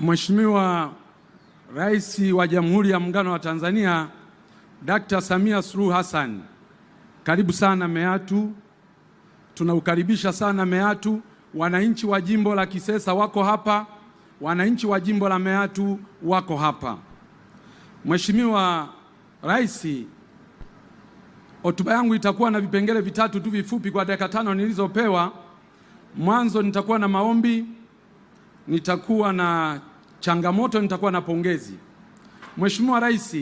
Mheshimiwa Rais wa Jamhuri ya Muungano wa Tanzania Dr. Samia Suluhu Hassan, karibu sana Meatu. Tunaukaribisha sana Meatu. Wananchi wa jimbo la Kisesa wako hapa, wananchi wa jimbo la Meatu wako hapa. Mheshimiwa Rais, hotuba yangu itakuwa na vipengele vitatu tu vifupi kwa dakika tano nilizopewa. Mwanzo nitakuwa na maombi, nitakuwa na changamoto, nitakuwa na pongezi. Mheshimiwa Rais,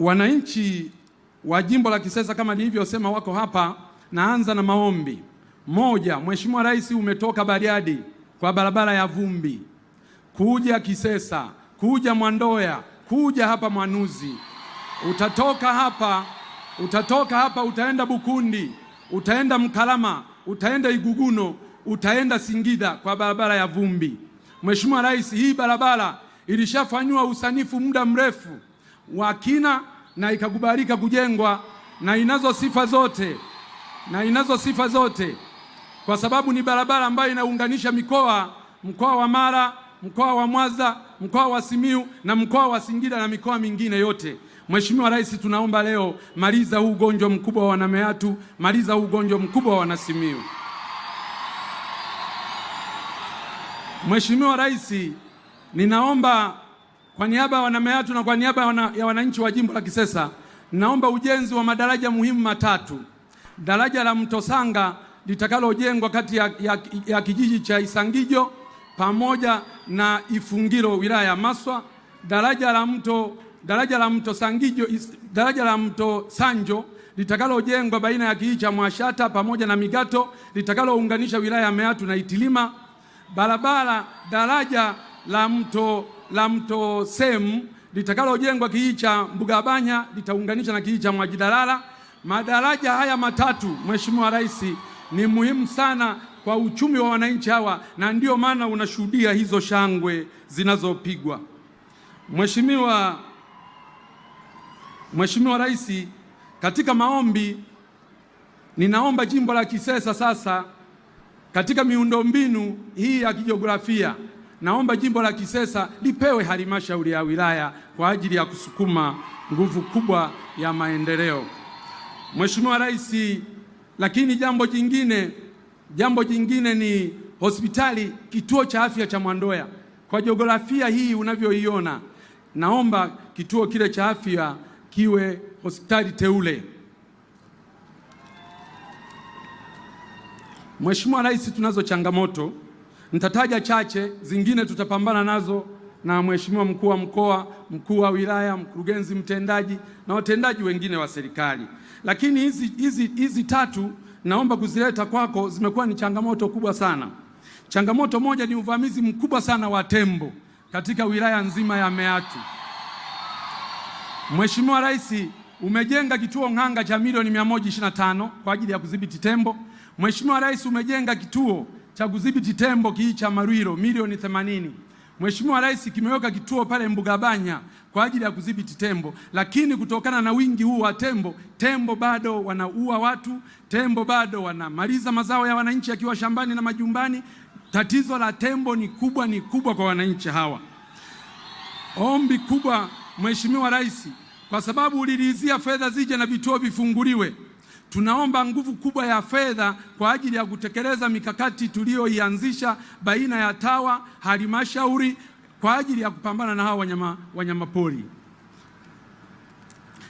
wananchi wa jimbo la Kisesa kama nilivyosema wako hapa. Naanza na maombi. Moja, Mheshimiwa Rais, umetoka Bariadi kwa barabara ya vumbi kuja Kisesa, kuja Mwandoya, kuja hapa Mwanuzi, utatoka hapa, utatoka hapa utaenda Bukundi, utaenda Mkalama, utaenda Iguguno, utaenda Singida kwa barabara ya vumbi. Mheshimiwa Rais, hii barabara ilishafanywa usanifu muda mrefu wa kina na ikakubalika kujengwa na inazo sifa zote, na inazo sifa zote kwa sababu ni barabara ambayo inaunganisha mikoa, mkoa wa Mara, mkoa wa Mwanza, mkoa wa Simiu na mkoa wa Singida na mikoa mingine yote. Mheshimiwa Rais, tunaomba leo maliza huu ugonjwa mkubwa wa wanameatu, maliza huu ugonjwa mkubwa wa wanasimiu. Mheshimiwa Rais, ninaomba kwa niaba ya wanameatu na kwa niaba ya wananchi wa jimbo la Kisesa ninaomba ujenzi wa madaraja muhimu matatu. Daraja la Mto Sanga litakalojengwa kati ya, ya, ya kijiji cha Isangijo pamoja na Ifungiro wilaya ya Maswa. Daraja la mto, daraja la mto Sangijo, daraja la mto Sanjo litakalojengwa baina ya kijiji cha Mwashata pamoja na Migato litakalounganisha wilaya ya Meatu na Itilima barabara daraja la mto la mto Sem litakalojengwa kijiji cha Mbugabanya litaunganisha na kijiji cha Mwajidalala. Madaraja haya matatu, Mheshimiwa Rais, ni muhimu sana kwa uchumi wa wananchi hawa, na ndiyo maana unashuhudia hizo shangwe zinazopigwa. Mheshimiwa Mheshimiwa Rais, katika maombi ninaomba jimbo la Kisesa sasa katika miundombinu hii ya kijiografia, naomba jimbo la Kisesa lipewe halmashauri ya wilaya kwa ajili ya kusukuma nguvu kubwa ya maendeleo. Mheshimiwa Rais, lakini jambo jingine, jambo jingine ni hospitali kituo cha afya cha Mwandoya. Kwa jiografia hii unavyoiona, naomba kituo kile cha afya kiwe hospitali teule. Mheshimiwa Rais, tunazo changamoto, nitataja chache, zingine tutapambana nazo na Mheshimiwa mkuu wa mkoa, mkuu wa wilaya, mkurugenzi mtendaji na watendaji wengine wa serikali, lakini hizi, hizi, hizi tatu naomba kuzileta kwako, zimekuwa ni changamoto kubwa sana. Changamoto moja ni uvamizi mkubwa sana wa tembo katika wilaya nzima ya Meatu. Mheshimiwa Rais, umejenga kituo ng'anga cha milioni 125 kwa ajili ya kudhibiti tembo Mheshimiwa Rais, umejenga kituo cha kudhibiti tembo kii cha Marwiro milioni 80. Mheshimiwa Rais, kimeweka kituo pale Mbugabanya kwa ajili ya kudhibiti tembo, lakini kutokana na wingi huu wa tembo, tembo bado wanaua watu, tembo bado wanamaliza mazao ya wananchi akiwa shambani na majumbani. Tatizo la tembo ni kubwa, ni kubwa kwa wananchi hawa. Ombi kubwa Mheshimiwa Rais, kwa sababu ulilizia fedha zije na vituo vifunguliwe Tunaomba nguvu kubwa ya fedha kwa ajili ya kutekeleza mikakati tuliyoianzisha baina ya TAWA halmashauri kwa ajili ya kupambana na hawa wanyama, wanyama pori.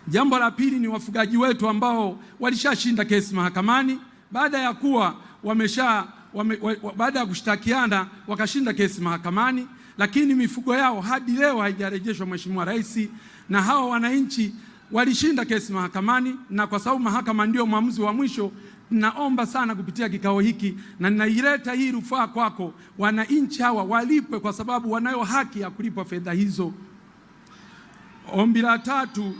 Jambo la pili ni wafugaji wetu ambao walishashinda kesi mahakamani baada ya kuwa wamesha wame, wa, baada ya kushtakiana wakashinda kesi mahakamani, lakini mifugo yao hadi leo haijarejeshwa, Mheshimiwa Rais, na hawa wananchi Walishinda kesi mahakamani, na kwa sababu mahakama ndio mwamuzi wa mwisho, naomba sana kupitia kikao hiki na ninaileta hii rufaa kwako, wananchi hawa walipwe, kwa sababu wanayo haki ya kulipwa fedha hizo. Ombi la tatu,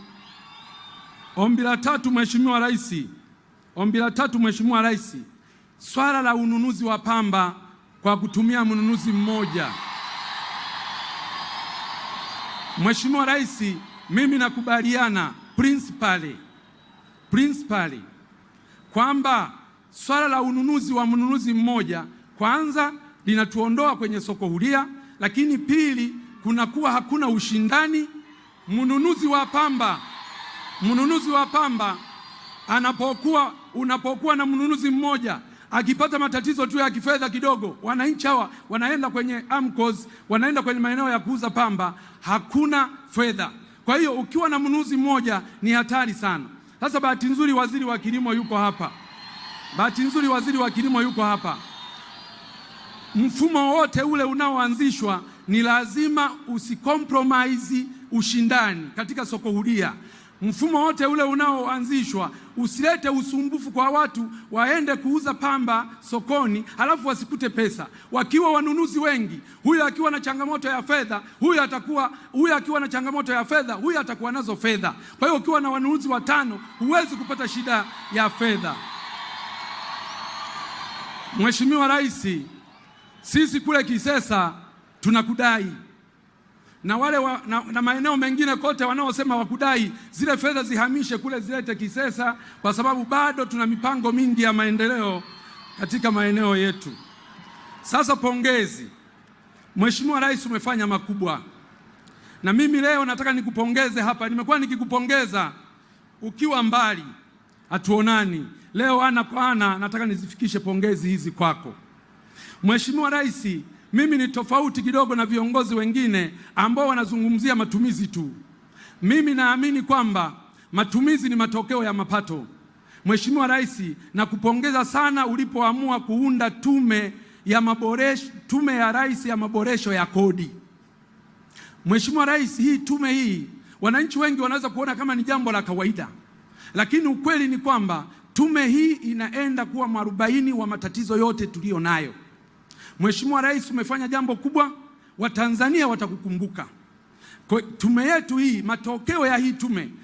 ombi la tatu, Mheshimiwa Rais, ombi la tatu, Mheshimiwa Rais, swala la ununuzi wa pamba kwa kutumia mnunuzi mmoja. Mheshimiwa Rais mimi nakubaliana principally principally kwamba swala la ununuzi wa mnunuzi mmoja kwanza linatuondoa kwenye soko huria, lakini pili kunakuwa hakuna ushindani. Mnunuzi wa pamba mnunuzi wa pamba anapokuwa unapokuwa na mnunuzi mmoja akipata matatizo tu ya kifedha kidogo, wananchi hawa wanaenda kwenye AMCOS, wanaenda kwenye maeneo ya kuuza pamba, hakuna fedha. Kwa hiyo ukiwa na mnunuzi mmoja ni hatari sana. Sasa bahati nzuri waziri wa kilimo yuko hapa, bahati nzuri waziri wa kilimo yuko hapa. Mfumo wote ule unaoanzishwa ni lazima usikompromise ushindani katika soko huria. Mfumo wote ule unaoanzishwa usilete usumbufu kwa watu waende kuuza pamba sokoni, halafu wasikute pesa, wakiwa wanunuzi wengi, huyu akiwa na changamoto ya fedha, huyu atakuwa, huyu akiwa na changamoto ya fedha, huyu atakuwa nazo fedha. Kwa hiyo ukiwa na wanunuzi watano, huwezi kupata shida ya fedha. Mheshimiwa Rais, sisi kule Kisesa tunakudai na wale wa, na, na maeneo mengine kote wanaosema wakudai zile fedha zihamishe kule zilete Kisesa, kwa sababu bado tuna mipango mingi ya maendeleo katika maeneo yetu. Sasa pongezi, Mheshimiwa Rais, umefanya makubwa, na mimi leo nataka nikupongeze hapa. Nimekuwa nikikupongeza ukiwa mbali, hatuonani. Leo ana kwa ana nataka nizifikishe pongezi hizi kwako Mheshimiwa Rais. Mimi ni tofauti kidogo na viongozi wengine ambao wanazungumzia matumizi tu. Mimi naamini kwamba matumizi ni matokeo ya mapato. Mheshimiwa Rais, nakupongeza sana ulipoamua kuunda tume ya maboresho, tume ya rais ya maboresho ya kodi. Mheshimiwa Rais, hii tume hii wananchi wengi wanaweza kuona kama ni jambo la kawaida, lakini ukweli ni kwamba tume hii inaenda kuwa mwarobaini wa matatizo yote tuliyo nayo. Mheshimiwa Rais, umefanya jambo kubwa, Watanzania watakukumbuka. Kwa tume yetu hii, matokeo ya hii tume